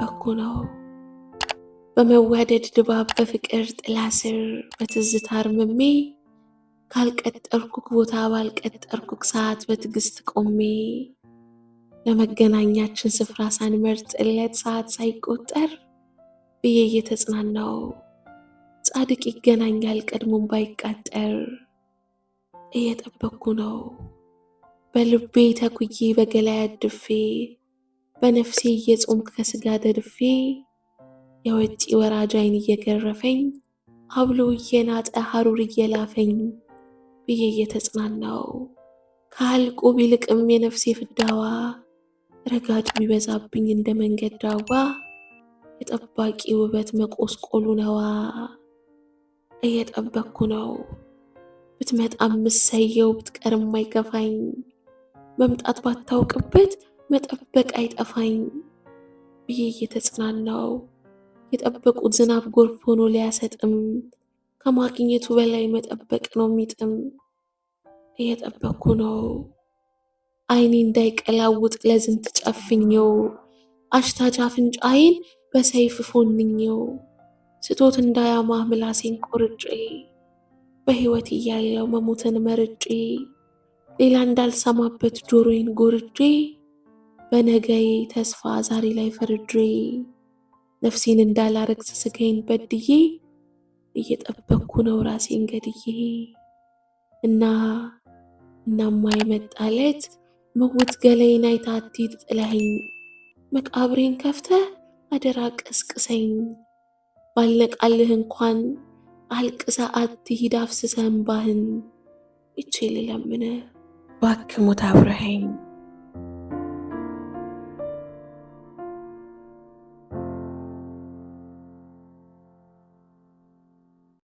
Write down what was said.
በኩ ነው። በመዋደድ ድባብ በፍቅር ጥላ ስር በትዝታ አርምሜ ካልቀጠርኩክ ቦታ ባልቀጠርኩክ ሰዓት በትዕግስት ቆሜ ለመገናኛችን ስፍራ ሳንመርጥ ዕለት ሰዓት ሳይቆጠር ብዬ እየተጽናናው ጻድቅ ይገናኛል ቀድሞም ባይቃጠር እየጠበቅኩ ነው በልቤ ተኩዬ በገላይ አድፌ በነፍሴ እየጾምክ ከስጋ ደርፌ የወጪ ወራጅ አይን እየገረፈኝ አብሎ እየናጠ ሀሩር እየላፈኝ ብዬ እየተጽናናው ካልቁ ቢልቅም የነፍሴ ፍዳዋ ረጋጭ ቢበዛብኝ እንደ መንገድ ዳዋ የጠባቂ ውበት መቆስቆሉ ነዋ። እየጠበቅኩ ነው ብትመጣም ምሰየው ብትቀርም አይገፋኝ መምጣት ባታውቅበት መጠበቅ አይጠፋኝ ብዬ እየተጽናናው የጠበቁት ዝናብ ጎርፍ ሆኖ ሊያሰጥም ከማግኘቱ በላይ መጠበቅ ነው የሚጥም። እየጠበኩ ነው አይኔ እንዳይቀላውጥ ለዝንት ጨፍኘው አሽታጅ አፍንጫዬን በሰይፍ ፎንኘው ስቶት እንዳያማ ምላሴን ቆርጬ በህይወት እያለው መሞትን መርጬ ሌላ እንዳልሰማበት ጆሮዬን ጎርጄ በነገዬ ተስፋ ዛሬ ላይ ፈርድሬ ነፍሴን እንዳላረግዝ ስጋዬን በድዬ እየጠበቅኩ ነው ራሴን ገድዬ። እና እናማ የመጣለት መውት ገላዬን አይታ አትሂድ ጥለኸኝ፣ መቃብሬን ከፍተ አደራ ቀስቅሰኝ። ባልነቃልህ እንኳን አልቅሰ አትሂድ አፍስሰህ እምባህን። ይቼ ልለምንህ ባክ ሙት አብረኸኝ